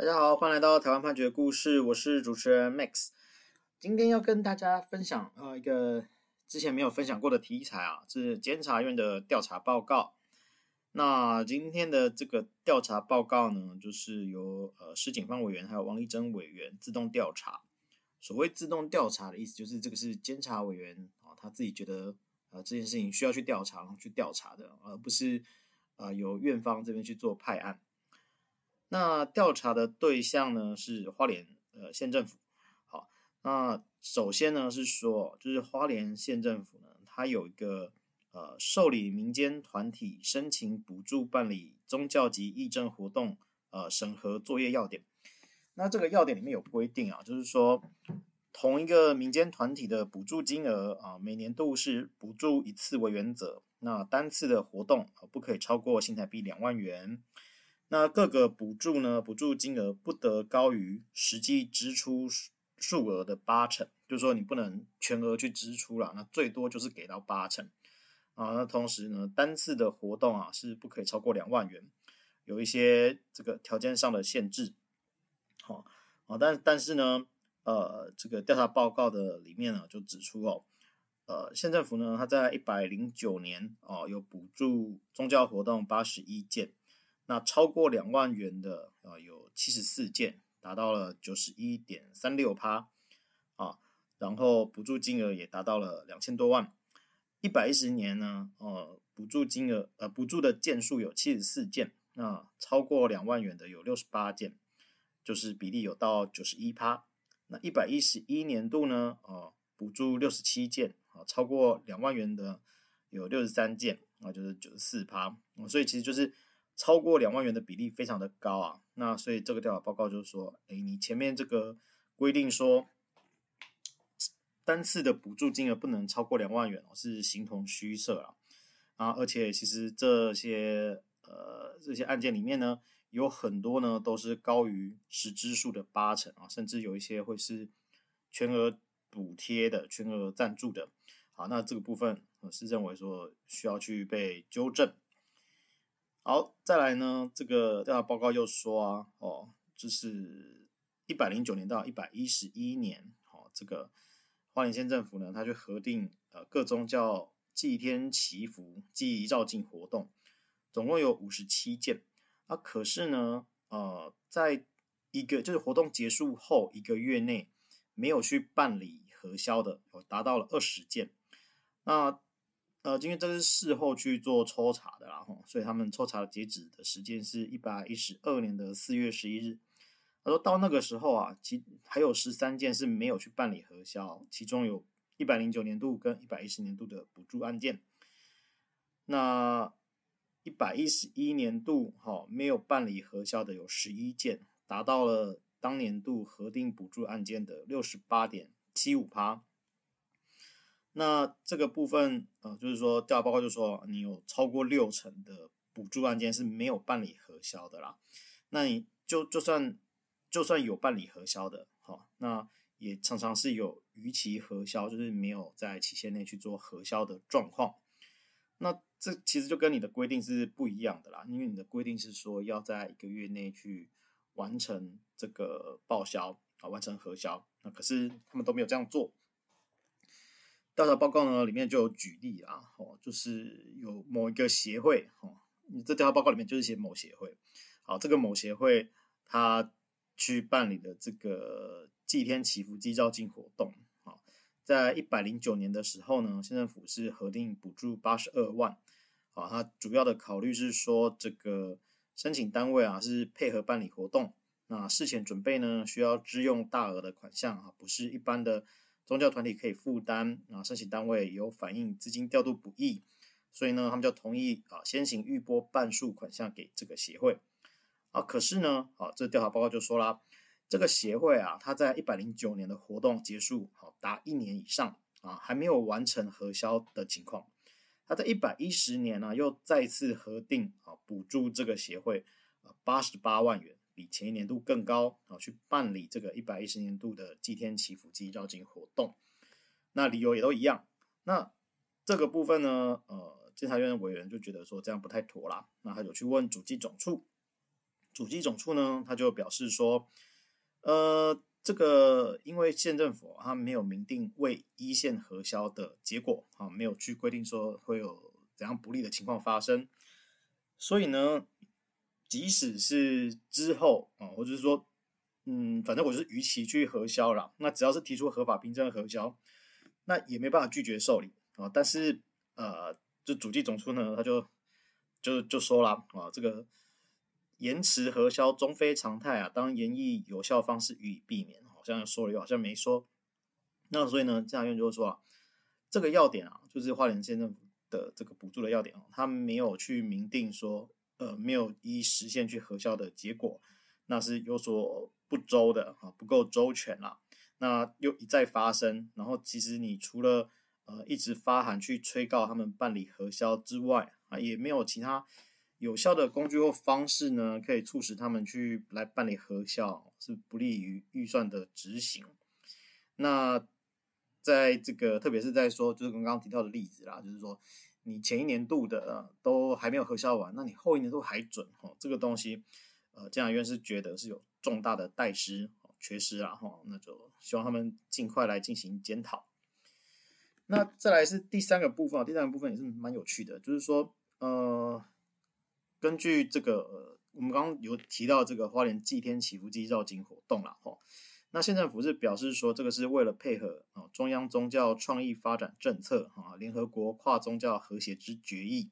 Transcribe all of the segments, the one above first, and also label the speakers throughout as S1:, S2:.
S1: 大家好，歡迎來到台灣判決故事，我是主持人 Max。今天要跟大家分享呃一個之前沒有分享過的題材啊，是監察院的調查報告。那今天的這個調查報告呢，就是由呃施錦芳委員還有王麗珍委員自動調查。所謂自動調查的意思，就是這個是監察委員啊、哦、他自己覺得啊、呃、這件事情需要去調查，然後去調查的，而不是啊、呃、由院方這邊去做派案。那調查的對象呢，是花蓮呃縣政府，好，那首先呢是說，就是花蓮縣政府呢，它有一個呃受理民間團體申請補助辦理宗教及義政活動呃審核作業要點，那這個要點裡面有規定啊，就是說同一個民間團體的補助金額啊，每年度是補助一次為原則，那單次的活動，啊，不可以超過新台幣兩萬元。那各個補助呢，補助金額不得高於實際支出數額的八成，就是說你不能全額去支出啦，那最多就是給到八成啊。那同時呢，單次的活動啊是不可以超過兩萬元，有一些這個條件上的限制。好，好，但但是呢，呃，這個調查報告的裡面呢，啊，就指出哦，呃，縣政府呢它在一百零九年哦有補助宗教活動八十一件。那超過兩萬元的，啊，呃，有七十四件，達到了九十一點三六趴，啊，然後補助金額也達到了兩千多萬。一百一十年呢，呃，補助金額，呃，補助的件數有七十四件，那超過兩萬元的有六十八件，就是比例有到九十一趴。那一百一十一年度呢，呃，補助六十七件，啊，超過兩萬元的有六十三件，啊，就是九十四趴。所以其實就是。超過兩萬元的比例非常的高啊，那所以這個調查報告就是說，誒，你前面這個規定說，單次的補助金額不能超過兩萬元哦，是形同虛設啊啊！而且其實這些呃這些案件裡面呢，有很多呢都是高於實支數的八成啊，甚至有一些會是全額補貼的、全額贊助的。好，那這個部分我是認為說需要去被糾正。好，再來呢，這個調查報告又說啊，哦，就是一百零九年到一百一十一年，哦，這個花蓮縣政府呢，他去核定呃各宗教祭天祈福、祭儀繞境活動，總共有五十七件啊，可是呢，呃，在一個就是活動結束後一個月內沒有去辦理核銷的，哦，達到了二十件，那，啊。呃，今天這是事後去做抽查的啦，所以他們抽查的截止的時間是一百一十二年的四月十一日。他說到那個時候啊，其還有十三件是沒有去辦理核銷，其中有一百零九年度跟一百一十年度的補助案件。那一百一十一年度，哈、哦，沒有辦理核銷的有十一件，達到了當年度核定補助案件的六十八點七五趴。那這個部分，呃，就是說，調查報告就說，你有超過六成的補助案件是沒有辦理核銷的啦。那你就就算就算有辦理核銷的，好，那也常常是有逾期核銷，就是沒有在期限內去做核銷的狀況。那這其實就跟你的規定是不一樣的啦，因為你的規定是說要在一個月內去完成這個報銷啊，完成核銷，那可是他們都沒有這樣做。調查報告呢，裡面就有舉例啊。哦，就是有某一個協會，你這調查報告裡面就是寫某協會，好，這個某協會他去辦理的這個祭天祈福祭照金活動，好，在一百零九年的時候呢，縣政府是核定補助八十二萬，好，他主要的考慮是說這個申請單位啊是配合辦理活動，那事前準備呢需要支用大額的款項啊，不是一般的。宗教團體可以負擔啊，申請單位有反映資金調度不易，所以呢，他們就同意啊，先行預撥半數款項給這個協會啊。可是呢，啊，這調查報告就說啦，這個協會啊，他在一百零九年的活動結束，後、啊、達一年以上啊，還沒有完成核銷的情況。他在一百一十年呢、啊，又再次核定啊，補助這個協會啊八十八萬元。比前一年度更高啊，去辦理這個一百一十年度的祭天祈福暨繞境活動，那理由也都一樣。那這個部分呢，呃，監察院的委員就覺得說這樣不太妥啦。那他就去問主計總處，主計總處呢，他就表示說，呃，這個因為縣政府他沒有明定未依限核銷的結果啊，沒有去規定說會有怎樣不利的情況發生，所以呢。即使是之後啊，或者是說，嗯，反正我就是逾期去核銷了。那只要是提出合法憑證核銷，那也沒辦法拒絕受理啊。但是呃，這主計總處呢，他就就就說了啊，這個延遲核銷終非常態啊，當研議有效方式予以避免。好像說了又好像沒說。那所以呢，監察院就說啊，這個要點啊，就是花蓮縣政府的這個補助的要點哦、啊，他沒有去明定說。呃，沒有依時限，去核銷的結果，那是有所不周的哈、啊，不夠周全啦。那又一再發生，然後其實你除了呃一直發函去催告他們辦理核銷之外啊，也沒有其他有效的工具或方式呢，可以促使他們去來辦理核銷，是不利於預算的執行。那在這個，特別是在說，就是剛剛提到的例子啦，就是說。你前一年度的都還沒有核銷完，那你後一年度還准哦？這個東西，呃，監察院是覺得是有重大的怠失哦缺失了，啊、哈、哦，那就希望他們盡快來進行檢討。那再來是第三個部分，第三個部分也是蠻有趣的，就是說，呃，根據這個、呃、我們剛剛有提到這個花蓮祭天祈福繞境活動了哈。哦那縣政府是表示說，這個是為了配合啊中央宗教創意發展政策啊，聯合國跨宗教和諧之決議，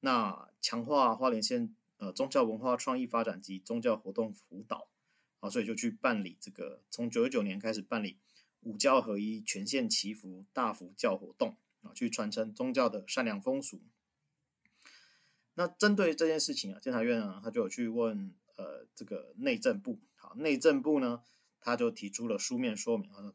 S1: 那強化花蓮縣呃宗教文化創意發展及宗教活動輔導啊，所以就去辦理這個從九九年開始辦理五教合一全線祈福大佛教活動啊，去傳承宗教的善良風俗。那針對這件事情啊，監察院呢，他就有去問呃這個內政部，好內政部呢。他就提出了書面說明啊，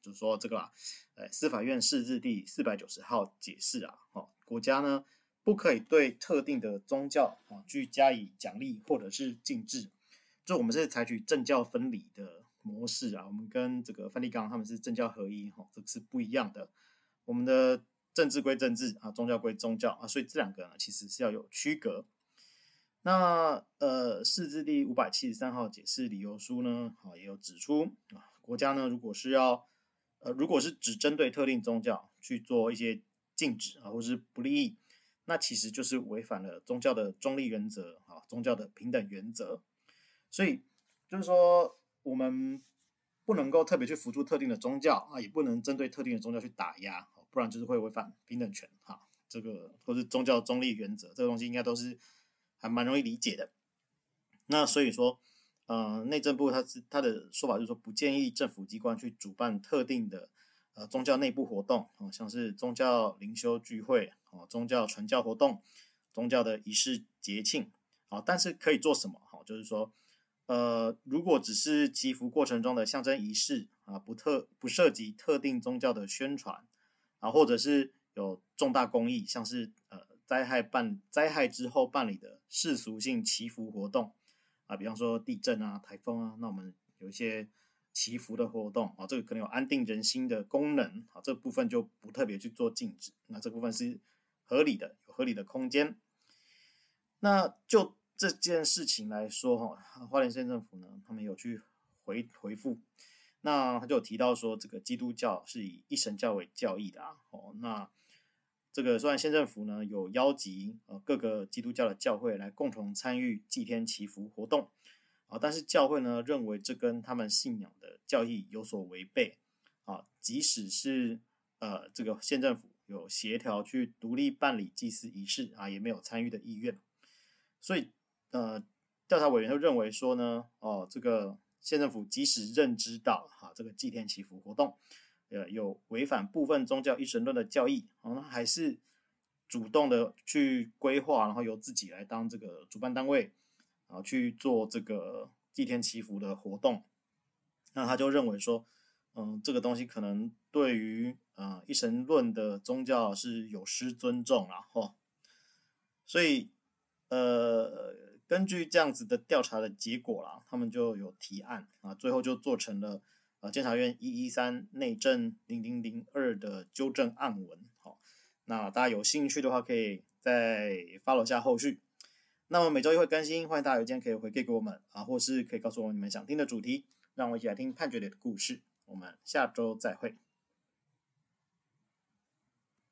S1: 就是，說這個啦，哎，司法院釋字第四百九十號解釋啊，哦，國家呢不可以對特定的宗教啊去加以獎勵或者是禁制。就我們是採取政教分離的模式啊，我們跟這個梵蒂岡他們是政教合一，吼，這個是不一樣的，我們的政治歸政治啊，宗教歸宗教啊，所以這兩個呢其實是要有區隔。那呃，釋字第五百七十三號解釋理由書呢，好也有指出啊，國家呢如果是要，呃，如果是只針對特定宗教去做一些禁止啊，或是不利，那其實就是違反了宗教的中立原則啊，宗教的平等原則。所以就是說，我們不能夠特別去輔助特定的宗教啊，也不能針對特定的宗教去打壓，不然就是會違反平等權哈，這個都是宗教中立原則，這個東西應該都是，蠻容易理解的。那所以說，呃，內政部他是他的說法就是說，不建議政府機關去主辦特定的呃宗教內部活動啊、哦，像是宗教靈修聚會啊、哦、宗教傳教活動、宗教的儀式節慶啊、哦。但是可以做什麼？哈、哦，就是說，呃，如果只是祈福過程中的象徵儀式啊，不特不涉及特定宗教的宣傳啊，或者是有重大公益，像是。災害辦災害之後辦理的世俗性祈福活動，啊，比方說地震啊、颱風啊，那我們有一些祈福的活動啊，哦，這個可能有安定人心的功能啊，哦，這個部分就不特別去做禁止，那這部分是合理的，有合理的空間。那就這件事情來說，哈，哦，花蓮縣政府呢，他們有去回回復，那他就提到說，這個基督教是以一神教為教義的啊，哦，那。這個雖然縣政府呢有邀集、呃各個基督教的教會來共同參與祭天祈福活動，啊，但是教會呢認為這跟他們信仰的教義有所違背，啊，即使是呃這個縣政府有協調去獨立辦理祭祀儀式啊，也沒有參與的意願，所以呃調查委員就認為說呢，哦、啊、這個縣政府即使認知到哈、啊、這個祭天祈福活動。呃，有違反部分宗教一神論的教義，好、嗯，那還是主動的去規劃，然後由自己來當這個主辦單位，啊，去做這個祭天祈福的活動，那他就認為說，嗯，這個東西可能對於啊、嗯、一神論的宗教是有失尊重了哈、哦，所以呃，根據這樣子的調查的結果啦，他們就有提案啊，最後就做成了。啊，監察院一一三內政零零零二的糾正案文，好，那大家有興趣的話，可以再 follow 下後續。那麼每周一會更新，歡迎大家有意見可以回饋給我們啊，或是可以告訴我你們想聽的主題，讓我一起來聽判決裡的故事。我們下周再會。